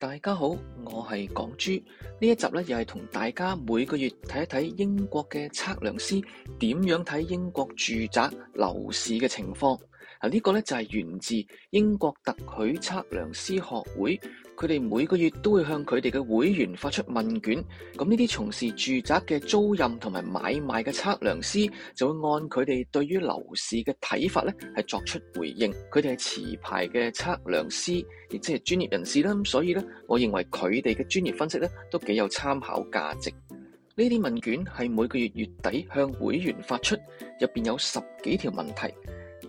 大家好，我係港豬，呢一集呢，又係同大家每個月睇一睇英國嘅測量師點樣睇英國住宅樓市嘅情況。嗱、啊，呢、這個呢就係、是、源自英國特許測量師學會。佢哋每個月都會向佢哋嘅會員發出問卷，咁呢啲從事住宅嘅租賃同埋買賣嘅測量師就會按佢哋對於樓市嘅睇法咧，係作出回應。佢哋係持牌嘅測量師，亦即係專業人士啦。咁所以咧，我認為佢哋嘅專業分析咧都幾有參考價值。呢啲問卷係每個月月底向會員發出，入邊有十幾條問題。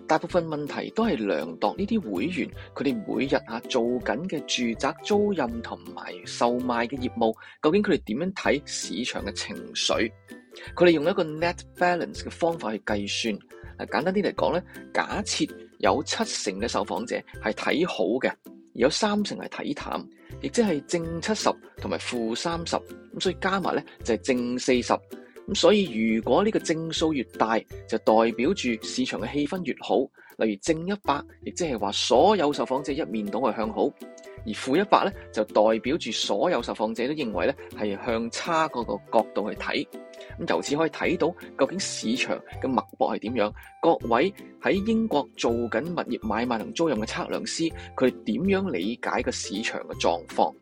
大部分問題都係量度呢啲會員佢哋每日喺做緊嘅住宅租賃同埋售賣嘅業務，究竟佢哋點樣睇市場嘅情緒？佢哋用一個 net balance 嘅方法去計算。簡單啲嚟講咧，假設有七成嘅受訪者係睇好嘅，而有三成係睇淡，亦即係正七十同埋負三十，咁所以加埋咧就係正四十。咁所以如果呢個正數越大，就代表住市場嘅氣氛越好。例如正一百，亦即係話所有受訪者一面倒係向好；而負一百咧，就代表住所有受訪者都認為咧係向差嗰個角度去睇。咁由此可以睇到究竟市場嘅脈搏係點樣，各位喺英國做緊物業買賣同租賃嘅測量師，佢點樣理解個市場嘅狀況。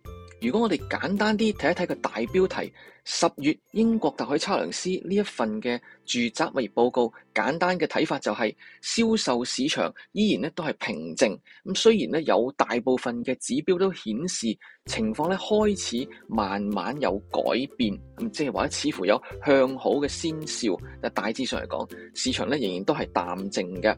如果我哋簡單啲睇一睇個大標題，十月英國特許測量師呢一份嘅住宅物業報告，簡單嘅睇法就係，是，銷售市場依然都係平靜。雖然有大部分嘅指標都顯示情況開始慢慢有改變，即係話似乎有向好嘅先兆。但大致上嚟講，市場仍然都係淡靜嘅。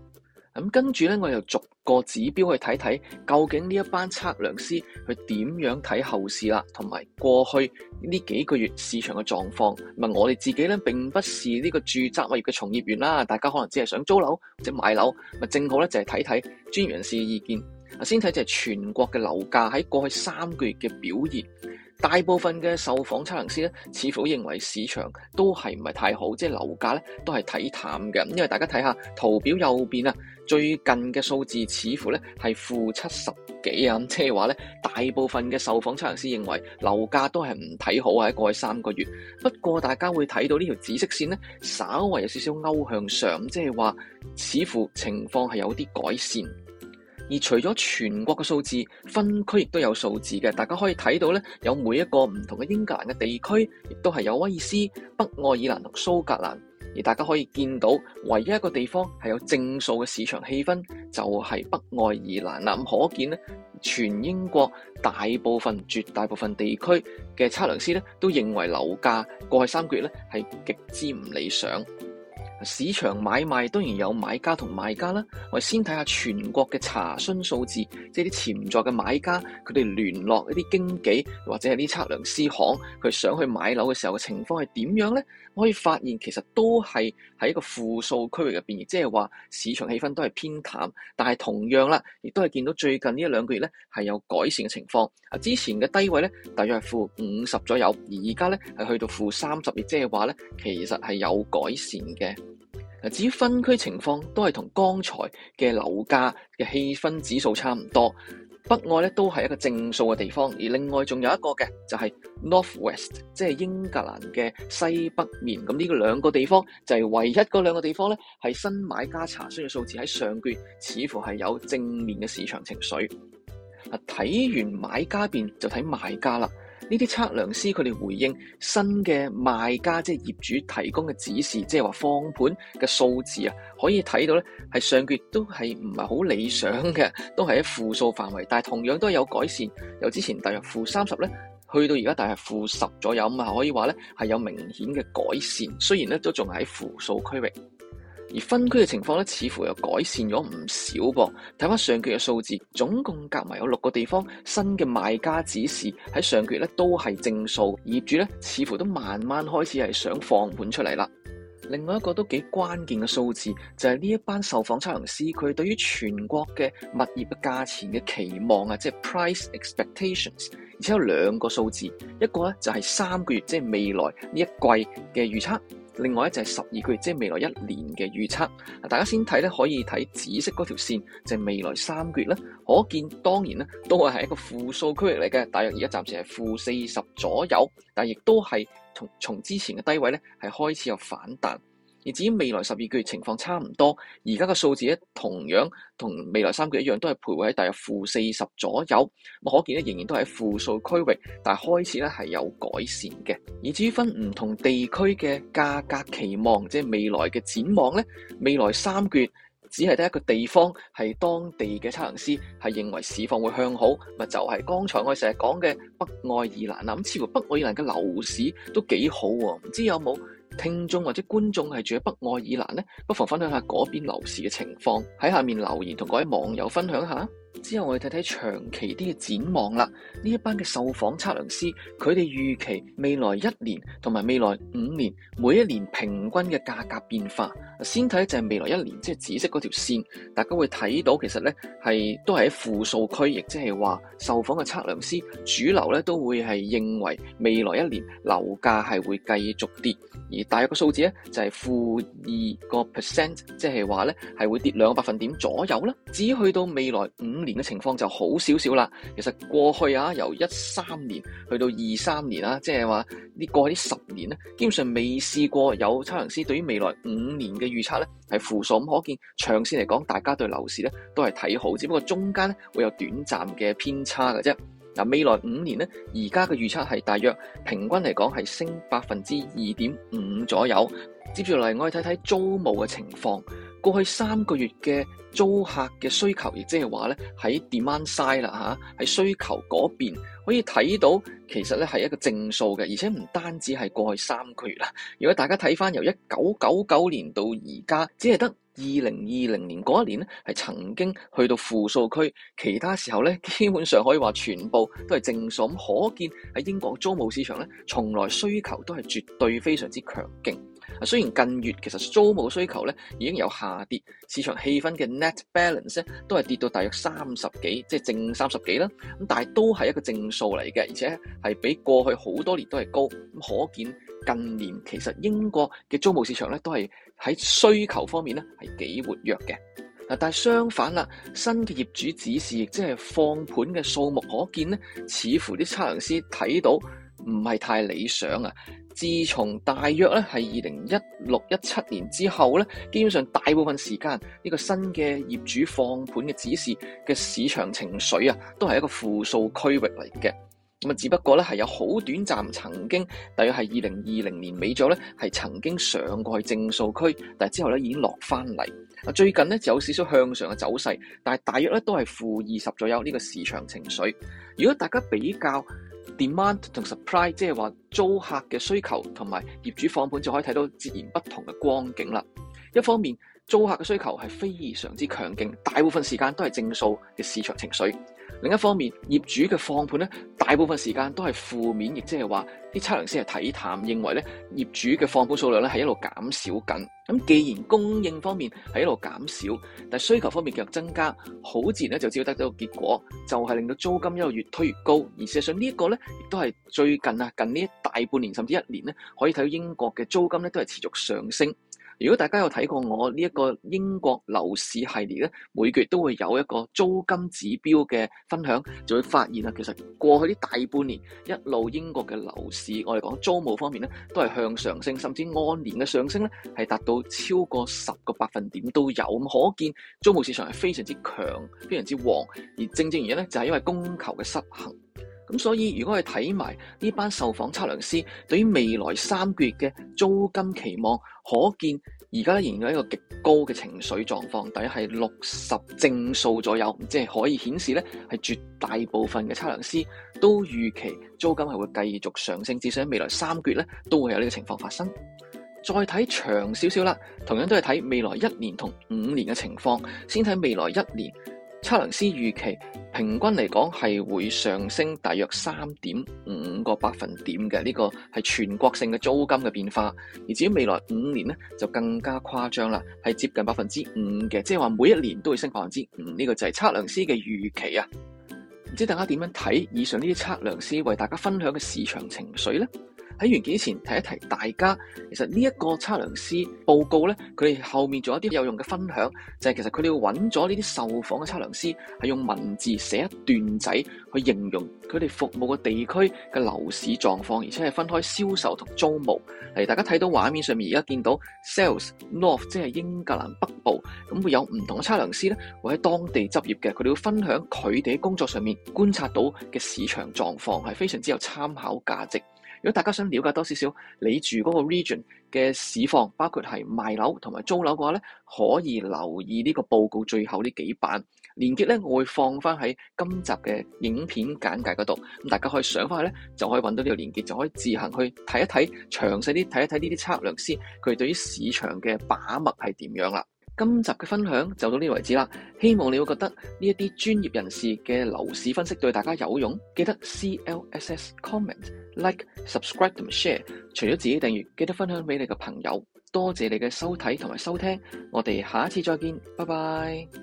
咁跟住咧，我又逐個指標去睇睇，究竟呢一班測量師去點樣睇後市啦，同埋過去呢幾個月市場嘅狀況。咁啊，我哋自己咧並不是呢個住宅物業嘅從業員啦，大家可能只係想租樓或者買樓，咪正好咧就係睇睇專業人士嘅意見。啊，先睇就係全國嘅樓價喺過去三個月嘅表現。大部分嘅受訪測量師咧，似乎認為市場都係唔係太好，即係樓價咧都係睇淡嘅。因為大家睇下圖表右邊啊，最近嘅數字似乎咧係負七十幾啊，即係話咧大部分嘅受訪測量師認為樓價都係唔睇好喺過去三個月。不過大家會睇到呢條紫色線咧，稍微有少少勾向上，即係話似乎情況係有啲改善。而除咗全國嘅數字，分區亦都有數字嘅，大家可以睇到咧，有每一個唔同嘅英格蘭嘅地區，亦都係有威爾斯、北愛爾蘭同蘇格蘭。而大家可以見到，唯一一個地方係有正數嘅市場氣氛，就係北愛爾蘭啦。咁可見咧，全英國大部分、絕大部分地區嘅測量師咧，都認為樓價過去三個月咧係極之唔理想。市場買賣當然有買家同賣家啦，我哋先睇下全國嘅查詢數字，即係啲潛在嘅買家佢哋聯絡一啲經紀或者係啲測量師行，佢想去買樓嘅時候嘅情況係點樣呢？我可以發現其實都係喺一個負數區域入邊，亦即係話市場氣氛都係偏淡。但係同樣啦，亦都係見到最近呢一兩個月呢係有改善嘅情況。啊，之前嘅低位呢，大約係負五十左右，而而家呢，係去到負三十，亦即係話呢，其實係有改善嘅。至於分區情況都係同剛才嘅樓價嘅氣氛指數差唔多。北愛咧都係一個正數嘅地方，而另外仲有一個嘅就係、是、North West，即係英格蘭嘅西北面。咁呢兩個地方就係、是、唯一嗰兩個地方咧，係新買家查詢嘅數字喺上個月似乎係有正面嘅市場情緒。嗱，睇完買家邊就睇賣家啦。呢啲測量師佢哋回應新嘅賣家即係、就是、業主提供嘅指示，即係話放盤嘅數字啊，可以睇到咧係上月都係唔係好理想嘅，都係喺負數範圍，但係同樣都有改善，由之前大約負三十咧，30，去到而家大約負十左右，咁啊可以話咧係有明顯嘅改善，雖然咧都仲係喺負數區域。而分區嘅情況咧，似乎又改善咗唔少噃。睇翻上個月嘅數字，總共夾埋有六個地方新嘅賣家指示喺上個月咧都係正數，而業主咧似乎都慢慢開始係想放盤出嚟啦。另外一個都幾關鍵嘅數字就係呢一班受訪測量師佢對於全國嘅物業價錢嘅期望啊，即係 price expectations，而且有兩個數字，一個咧就係三個月，即係未來呢一季嘅預測。另外一就係十二個月，即係未來一年嘅預測。大家先睇咧，可以睇紫色嗰條線就係未來三個月咧，可見當然咧都係係一個負數區域嚟嘅，大約而家暫時係負四十左右，但亦都係從從之前嘅低位咧係開始有反彈。而至於未來十二個月情況差唔多，而家嘅數字咧同樣同未來三個月一樣，都係徘徊喺大約負四十左右。咁可見咧仍然都喺負數區域，但係開始咧係有改善嘅。而至於分唔同地區嘅價格期望，即係未來嘅展望咧，未來三個月只係得一個地方係當地嘅測量師係認為市況會向好，咪就係、是、剛才我成日講嘅北愛爾蘭啦。咁似乎北愛爾蘭嘅樓市都幾好喎、啊，唔知道有冇？聽眾或者觀眾係住喺北愛爾蘭呢，不妨分享下嗰邊樓市嘅情況，喺下面留言同各位網友分享下。之後我哋睇睇長期啲嘅展望啦。呢一班嘅受訪測量師，佢哋預期未來一年同埋未來五年每一年平均嘅價格變化。先睇就係未來一年，即係紫色嗰條線，大家會睇到其實呢係都係喺負數區，亦即係話受訪嘅測量師主流呢都會係認為未來一年樓價係會繼續跌，而大約個數字呢就係負二個 percent，即係話呢係會跌兩個百分點左右啦。至於去到未來五，五年嘅情況就好少少啦。其實過去啊，由一三年去到二三年啦，即係話呢過去呢十年呢，基本上未試過有測量師對於未來五年嘅預測呢係負數。咁可見長線嚟講，大家對樓市呢都係睇好，只不過中間咧會有短暫嘅偏差嘅啫。嗱，啊，未來五年呢，而家嘅預測係大約平均嚟講係升百分之二點五左右。接住嚟，我哋睇睇租務嘅情況。過去三個月嘅租客嘅需求，亦即係話咧喺 demand side 啦嚇，喺需求嗰邊可以睇到，其實咧係一個正數嘅，而且唔單止係過去三個月啦。如果大家睇返由一九九九年到而家，只係得二零二零年嗰一年咧係曾經去到負數區，其他時候咧基本上可以話全部都係正數。咁可見喺英國租務市場咧，從來需求都係絕對非常之強勁。啊，雖然近月其實租務需求咧已經有下跌，市場氣氛嘅 net balance 咧都係跌到大約三十幾，即係正三十幾啦。咁但係都係一個正數嚟嘅，而且係比過去好多年都係高。咁可見近年其實英國嘅租務市場咧都係喺需求方面咧係幾活躍嘅。嗱，但係相反啦，新嘅業主指示亦即係放盤嘅數目，可見咧似乎啲測量師睇到唔係太理想啊。自從大約咧係二零一六一七年之後咧，基本上大部分時間呢個新嘅業主放盤嘅指示嘅市場情緒啊，都係一個負數區域嚟嘅。咁啊，只不過咧係有好短暫曾經，大約係二零二零年尾咗咧，係曾經上過去正數區，但係之後咧已經落翻嚟。最近咧就有少少向上嘅走勢，但係大約咧都係負二十左右呢個市場情緒。如果大家比較，demand 同 supply 即係話租客嘅需求同埋業主放盤就可以睇到截然不同嘅光景啦。一方面，租客嘅需求係非常之強勁，大部分時間都係正數嘅市場情緒。另一方面，業主嘅放盤咧，大部分時間都係負面，亦即係話啲測量師係睇淡，認為咧業主嘅放盤數量咧係一路減少緊。咁既然供應方面係一路減少，但需求方面繼續增加，好自然咧就只會得到一個結果，就係令到租金一路越推越高。而事實上呢一個咧，亦都係最近啊近呢一大半年甚至一年咧，可以睇到英國嘅租金咧都係持續上升。如果大家有睇過我呢一個英國樓市系列咧，每個月都會有一個租金指標嘅分享，就會發現啊，其實過去啲大半年一路英國嘅樓市，我哋講租務方面咧，都係向上升，甚至按年嘅上升咧，係達到超過十個百分點都有。咁，可見租務市場係非常之強，非常之旺。而正正原因咧，就係因為供求嘅失衡。咁所以如果我哋睇埋呢班受訪測量師對於未來三個月嘅租金期望，可見而家仍然有一個極高嘅情緒狀況，底係六十正數左右，即係可以顯示咧係絕大部分嘅測量師都預期租金係會繼續上升，至少喺未來三個月咧都會有呢個情況發生。再睇長少少啦，同樣都係睇未來一年同五年嘅情況，先睇未來一年。測量師預期平均嚟講，係會上升大約三點五個百分點嘅，呢個係全國性嘅租金嘅變化。而至於未來五年咧，就更加誇張啦，係接近百分之五嘅，即係話每一年都會升百分之五，呢個就係測量師嘅預期啊。唔知大家點樣睇以上呢啲測量師為大家分享嘅市場情緒呢？喺完件前提一提大家，其實呢一個測量師報告咧，佢哋後面仲有啲有用嘅分享，就係、是、其實佢哋揾咗呢啲受訪嘅測量師，係用文字寫一段仔去形容佢哋服務嘅地區嘅樓市狀況，而且係分開銷售同租務，嚟大家睇到畫面上面而家見到 Sales North，即係英格蘭北部，咁會有唔同嘅測量師咧，會喺當地執業嘅，佢哋會分享佢哋工作上面觀察到嘅市場狀況，係非常之有參考價值。如果大家想了解多少少你住嗰個 region 嘅市況，包括係賣樓同埋租樓嘅話咧，可以留意呢個報告最後呢幾版連結咧，我會放翻喺今集嘅影片簡介嗰度，咁大家可以上翻去咧，就可以揾到呢個連結，就可以自行去睇一睇，詳細啲睇一睇呢啲測量師，佢對於市場嘅把握係點樣啦。今集嘅分享就到呢度為止啦，希望你會覺得呢一啲專業人士嘅樓市分析對大家有用。記得 C L S S comment。Like、Subscribe 同 Share，除咗自己訂閱，記得分享俾你嘅朋友。多謝你嘅收睇同埋收聽，我哋下次再見，拜拜。